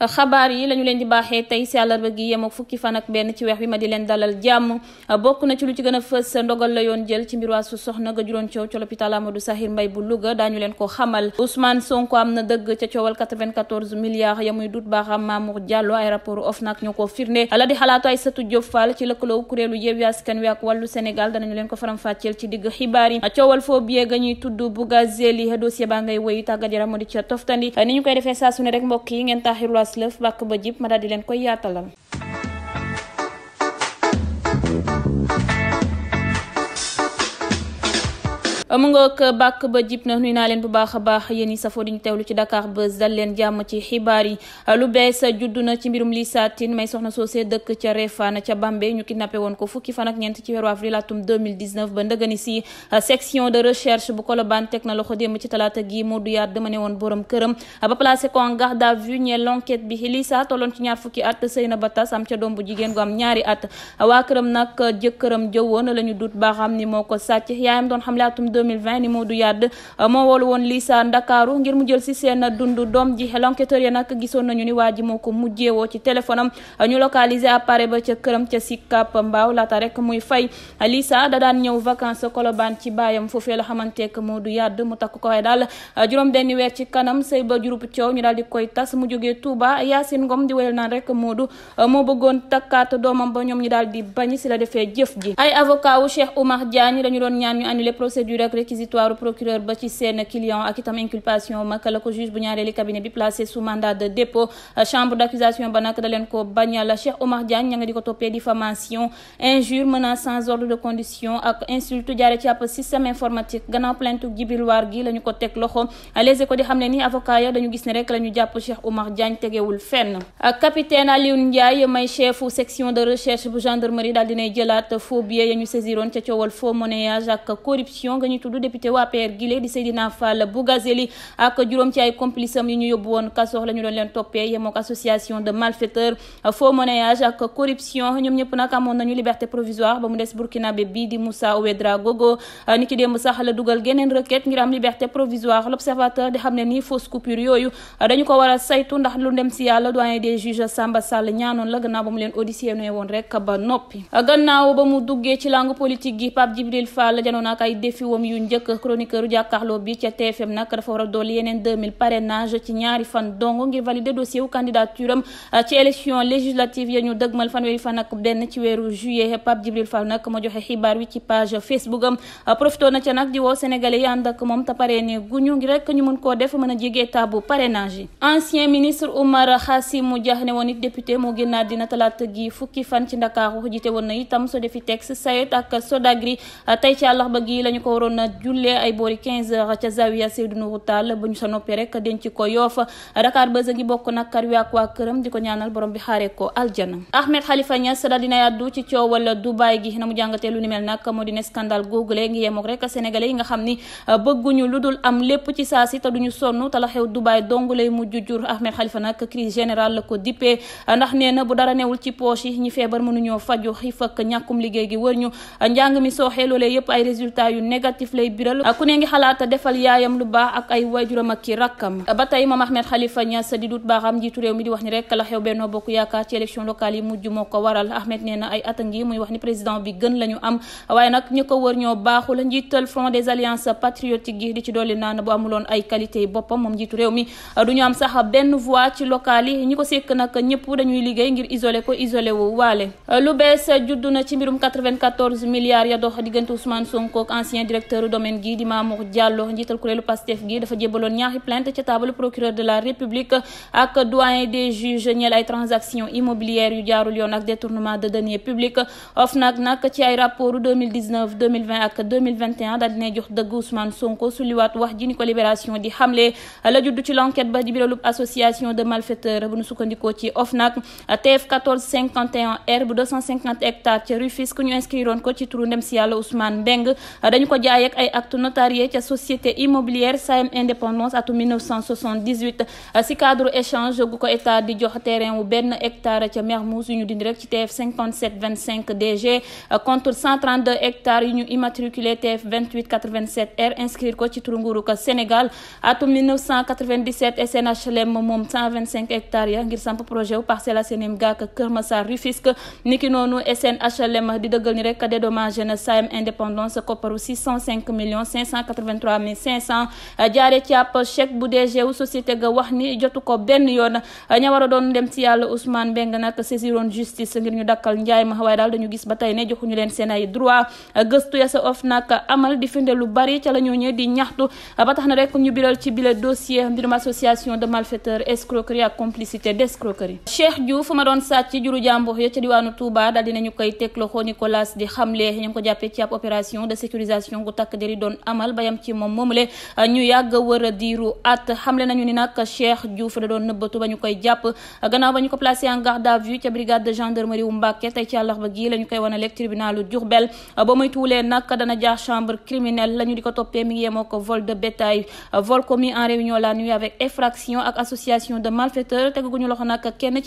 xabaar yi lañu leen di baaxee tey si àllarba gi yem ak fukki fan ak benn ci weex bi ma di leen dalal jàmm bokk na ci lu ci gën fës ndogal la yoon jël ci mbir soxna ga coow ca l'hôpital Amadou Sakhir Mbaye bu Louga daañu leen ko xamal Ousmane Sonko am na dëgg ca coowal 94 ya muy dut baaxam Mamour Diallo ay rapport OFNAC ñoo ko firnde la di xalaatu Aïssatou Diop Fall ci lëkkaloo kuréelu Yewwi Askan Wi ak wàllu Sénégal danañu leen ko faram pass lëf bàkk ba jib ma daal di leen koy yaatalal mu ngoog bàkk ba jib na nuy naa leen bu baax a baax yéen i safoo di ñu teewlu ci Dakar Buzz dal leen jàmm ci xibaar yi lu bees juddu na ci mbirum Lissa Tine may soxna soosee dëkk ca Refane ca Bambey ñu kidnappé woon ko fukki fan ñeent ci weeru avril atum ba ndëgëni si section de recherche bu Colobane teg na loxo démb ci talaata gi Modou Yar dama ne woon borom këram ba placé ko en garde à vue ñeel l'enquête bi Lissa tolloon ci ñaar na la ñu dut baaxam ni moo ko sàcc yaayam 2020 ni Modou Yade euh, moo woolu woon Lisa Ndakaaru ngir mu jël si seen dund doom ji l'enquêteur a nag gisoon nañu ni waa ji moo ko mujjeewoo ci téléphone am euh, ñu localiser appareil ba ca këram ca Sicap Mbao laata rek muy fay Lisa da daan ñëw vacances Colobane ci baayam foofee la xamanteek Modou Yade mu takk ko waaye daal euh, juróom benni weer ci kanam sëy ba jurub coow ñu daal di koy tas mu jógee a Yacine Ngom di wéyal naan rek Modou moo bëggoon takkaat doomam ba ñoom ñu daal rek réquisitoire procureur ba ci seen client ak itam inculpation mag la ko juge bu ñaareeli cabinet bi placé sous mandat de dépôt chambre d'accusation ba nag da ko bañal Cheikh Omar Diagne ña nga di ko toppee diffamation injure menace sans ordre de condition ak insulte jaare ci ab système informatique gannaaw plainte Jibril Waar gi la ko teg loxo Les Échos di xam ne ni avocat ya dañu gis ne rek la jàpp Cheikh Omar Diagne tegewul fenn ak corruption ñu tudd député waa APR gile di Seydina Fall Bougazelli ak juróom ci ay complice am ñu yóbbu woon kaso la leen toppee yemook association de malfaiteurs faux monnayage ak corruption ñoom ñëpp nag amoon nañu liberté provisoire ba mu des burkinabé bii di Moussa Ouédraogo Gogo ni ki démb sax la dugal geneen requête ngir am liberté provisoire l'observateur di xam ne nii fausse coupure yooyu dañu ko war a saytu ndax lu ndem si yàlla doyen des juges Samba Sall atum yu njëkk chroniqueur jàkkaarloo bi ca TFM nag dafa war a dool yeneen 2000 ci ñaari fan dong ngir valider dossier wu candidature euh, ci élection législative ya ñu dëgmal fanweeri fan ak benn ci weeru juillet Pape Djibril Fall nag moo joxe xibaar wi ci page Facebook am euh, ca nag di woo sénégalais yi ànd moom te parrainé guñu ngi rek ñu mën koo def mën a jege état bu yi ancien ministre Oumar Khassimou Dia ne woon it député moo génnaat dina doon jullee ay boori 15 heures ca Zawiya Seydou Nourou Tall ba ñu sa noppi rek denc ko Yoff Dakar Buzz ngi bokk nag kar waa këram di ko ñaanal borom bi xaaree ko aljana Ahmed Khalifa Niass daal dinay àddu ci coowal Dubaay gi na mu jàngatee lu ni mel nag moo di scandale google ngi yemook rek sénégalais yi nga xam ni bëgguñu lu dul am lépp ci saa si te duñu sonn te la xew Dubaay dong lay mujj jur Ahmed Khalifa nag crise générale la ko dippee ndax na bu dara newul ci poche yi ñi feebar mënuñoo faju xi fakk ñàkkum liggéey gi wër ñu njàng positif lay biral ku ne ngi xalaata defal yaayam lu baax ak ay waajuram ak ki rakkam ba tey moom Ahmed Khalifa Niass di dut baaxam njiitu réew mi di wax ni rek la xew Benno Bokk Yaakaar ci élection locale yi mujj moo ko waral Ahmed nee ay at a muy wax ni président bi gën la am waaye nag ñi ko wër ñoo baaxul njiital front des alliances patriotiques yi di ci dolli naan bu amuloon ay qualité yi boppam moom njiitu réew mi du ñu am sax benn voix ci locale yi inspecteur domaine gi di Mamour Diallo njiital kuréelu Pastef gi dafa jébbaloon ñaari plainte ca taabalu procureur de la république ak doyen des juges ñeel ay transactions immobilières yu jaarul yoon ak détournement de deniers publics OFNAC nag ci ay rapportu ak 2021 daal dina jox dëgg Ousmane Sonko su wax ji ni ko libération di xamle la judd ci l'enquête ba di biralub association de malfaiteurs bu nu sukkandikoo ci OFNAC TF 1451 R bu 250 ñu inscriroon waaye ak ay acte notarié ca société immobilière Saem Indépendance atum 1978 euh, si cadre échange gu ko état di jox terrain wu benn hectare ca Mermoz yu ñu dindi rek ci TF DG euh, contre yu ñu immatriculé TF R inscrire ko ci turu nguurug Sénégal atum SNHLM e moom 125 ya ngir samp projet wu Parcelles Assainies Gàkk Kër Massar Rufisque niki noonu SNHLM e di dëggal ni rek dédommagé na Saem Indépendance kopparu cinq millions euh, jaare ci ab bu DG wu société ga wax ni jotu ko benn yoon euh, ña war a doon dem ci yàlla Ousmane Mbeng nag saisiroon justice ngir ñu dakkal njaay ma waaye daal dañu gis ba tey ne joxuñu leen seen ay droit euh, gëstu ya sa of nag amal di firnde lu bari ca la ñoo di ñaxtu ba tax na rek ñu biral ci bile dossier mbirum association de malfaiteurs escroquerie ak complicité d'escroquerie Cheikh Diouf ma doon sàcc juru jàmbur ya ca diwaanu Touba takk der yi doon amal bayam ci moom moomule euh, ñu yàgg wër diiru at xamle nañu ni nag Cheikh Diouf da doon nëbbatu ba ñu koy jàpp gannaaw ba ñu ko placé en garde à vue ca brigade de gendarmerie wu Mbàkke tey ci àllarba gii la ñu koy wane lekk tribunalu Diourbel euh, ba muy tuulee nag dana jaar chambre criminelle la di ko toppee mi ngi yemoo ko vol de bétail euh, vol commis en réunion la nuit avec effraction ak association de malfaiteurs teguñu loxo nag kenn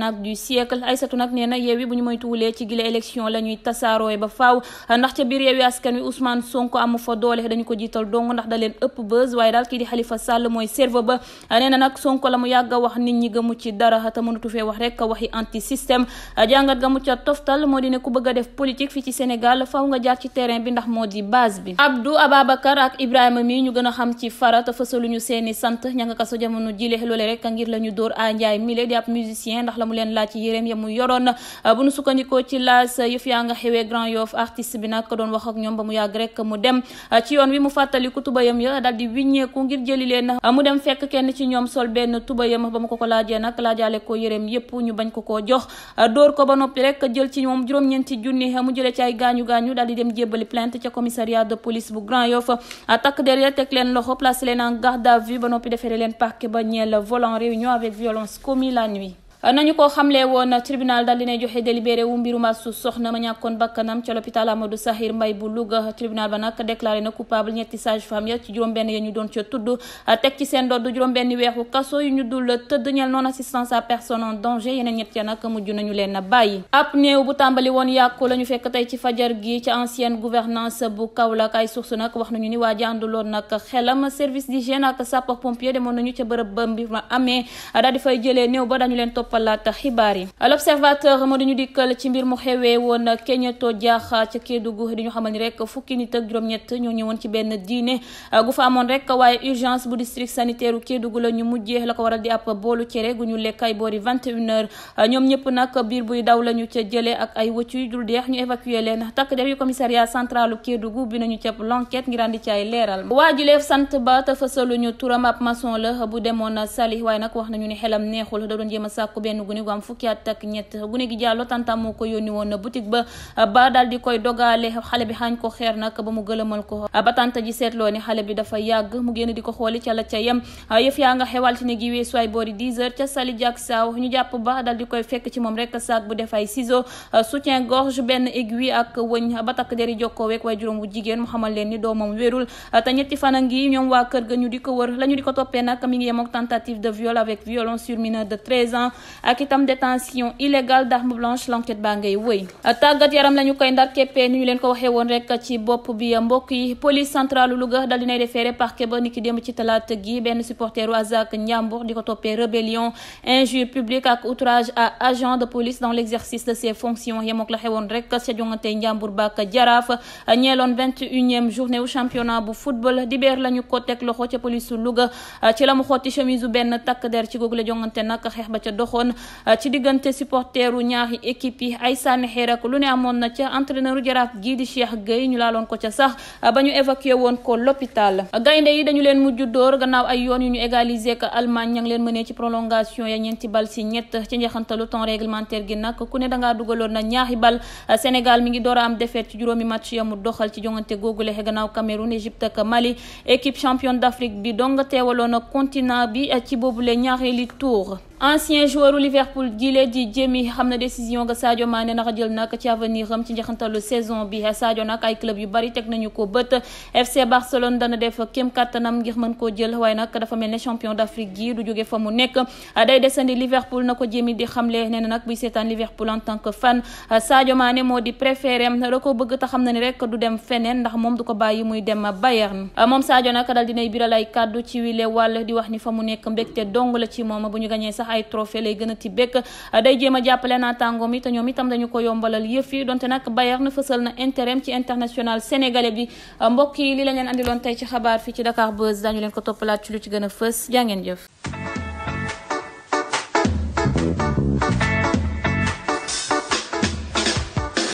na siècle Aysatu nag nee Yewwi bu ñu moytuwulee ci gile élection la ñuy tasaarooy ba faaw ndax ca biir Yewwi Askan Wi Ousmane Sonko amu fa doole dañu ko jiital da leen ëpp buzz waaye daal kii di Khalifa Sall mooy serveur ba nee na nag Sonko la mu yàgg a wax nit ñi gëmu ci dara te mënatu fee wax a waxi anti système jàngat ga mu ca toftal moo di ne ku bëgg a def politique fii ci Sénégal faaw nga jaar ci terrain bi ndax moo di base bi Abdou Ababacar ak Ibrahima mi ñu gën a xam ci fara te fësaluñu seeni sant ña nga jamono jile loole rek a Njaay mile di ab ci yéreem ya mu yoroon euh, bu nu sukkandikoo ci laas euh, yëf yaa nga xewee Grand Yoff artiste bi nag doon wax ak ñoom ba mu yàgg rek mu dem euh, ci yoon wi mu fàttali ku tubayam ya daal di wiññeeku ngir jëli leen a mu dem fekk kenn ci ñoom sol benn tubayam ba mu ko ko laajee nag laajaale ko yéreem yépp ñu bañ ko koo jox dóor ko ba noppi rek jël ci moom juróom-ñeenti junni mu jëlee ci ay gaañu gaañu dal di dem jébbali plainte ca commissariat de police bu Grand Yoff takk teg leen loxo placé leen ba noppi defere leen parquet ba ñeel volant réunion avec violence commis nañu ko xamle woon tribunal daal dina joxe délibéré wu mbiru Masou Soxna ma ñàkkoon bakkanam ca l'hôpital Amadou Sakhir Mbaye bu Louga tribunal ba nag déclaré na coupable ñetti sage-femme ya ci juróom-benn ya ñu doon ca tudd teg ci seen dodd juróom-benn weexu kaso yu ñu dul tëdd ñeel non assistance à personne en danger yeneen ñett ya nag mujj nañu leen a bàyyi ab néew bu tàmbali woon yàqu la ñu fekk tey ci fajar gi ca ancienne gouvernance bu Kaolack ay source nag wax nañu ni waa ji ànduloon nag service d'hygiène ak sapeur pompier demoon nañu ca bërëb ba mbir ma amee daal di jëlee néew ba dañu leen topp toppalaat xibaar yi l'observateur moo dañu dikkal ci mbir mu xewee woon Keñeto Jaaxa ca Kédougou di ñu xamal ni rek fukki nit ak juróom-ñett ñoo ñëwoon ci benn diine gu fa amoon rek waaye urgence bu district sanitaire u Kédougou la ñu mujjee la ko waral di ab boolu cere gu ñu lekk ay boori 21h ñoom ñëpp nag biir buy daw la ñu ca jëlee ak ay wëcc yu dul deex ñu évacué leen takk der yu commissariat central u Kédougou bi nañu cap l'enquête ba te fësaluñu turam ab maçon la bu demoon Sali waaye nag wax nañu ni a benn gune gu am fukki at ak ñett gune gi jàllo tantam moo ko yónni woon boutique ba ba daal di koy dogaale xale bi xaañ ko xeer nag ba mu gëlëmal ko ba tante ji seetloo ni xale bi dafa yàgg mu génn di ko xooli ca sali jak saaw ñu jàpp ba daal di koy fekk ci moom rek saak bu def ay soutien gorge benn aiguille ak wëñ ba takk deri jokkoo weeg waaye juróom bu jigéen mu xamal leen doomam wérul te ñetti fan a ñoom waa kër ga ñu di ko wër la ñu di ko toppee nag mi ngi yemook tentative de viol avec ak itam détention illégale d'arme blanche l'enquête baa ngay wëy tàggat yaram la koy ndar ni ñu leen ko waxee woon rek ci bopp bi mbokk yi police centrale Louga dal dinay defeere parquet ba niki démb ci talaata gi benn supporteru Azak Ndiambour di ko toppee rébellion injure publique ak outrage à agent de police dans l'exercice de ses fonctions yemook la xewoon rek ca jongante Ndiambour bak Jaraaf ñeeloon vingt et unième journée wu championnat bu football la ko teg loxo ca police Louga ci la mu xotti chemise u benn takk der ci googu doxoon euh, ci diggante supporteru ñaari équipe yi ay sànni xeer lu ne amoon na ca entraîneuru jaraaf gii di Cheikh Gueye ñu laaloon ko ca sax euh, ba ñu évacué woon ko l'hôpital gaynde yi dañu leen mujj dóor gannaaw ay yoon yu ñu égaliser ko Allemagne ña ngi leen mënee ci prolongation ya ñeenti bal si ñett ci njeexantalu temps réglementaire gi nag ku ne dangaa dugaloon na ñaari bal euh, Sénégal mi ngi door a am défaite ci juróomi match ya mu doxal ci jongante googu lexe gannaaw Cameroun Égypte ak Mali équipe championne d'Afrique bi dong teewaloon na continent bi ci boobule ñaareeli tour ancien joueur Liverpool jile di Jamie xam na décision nga Sadio Mané naka jël nag ci avenir am ci njeexantalu saison bi Sadio nag ay club yu bari teg nañu ko bët FC Barcelone dana def kéem kattanam ngir man koo jël waaye nag dafa mel ne champion d'Afrique gi du jóge fa mu nekk day desandi Liverpool na ko Jamie di xamle nee na nag buy seetaan Liverpool en tant que fan Sadio Mané moo di préféré da ko bëgg te xam na ni rek du dem feneen ndax moom du ko bàyyi muy dem Bayern moom Sadio nag dal dinay biral ay kàddu ci wile nekk mbégte dong la ci moom ay trophée lay gën a day jéem a jàppale naataangoom yi te ñoom itam dañu ko yombalal yëf yi donte nag Bayern fësal na intérêt ci international sénégalais bi mbokk yi li la leen andi loon tey ci xabaar fii ci Dakar Buzz dañu leen ko toppalaat ci lu ci gën a fës jaa ngeen jëf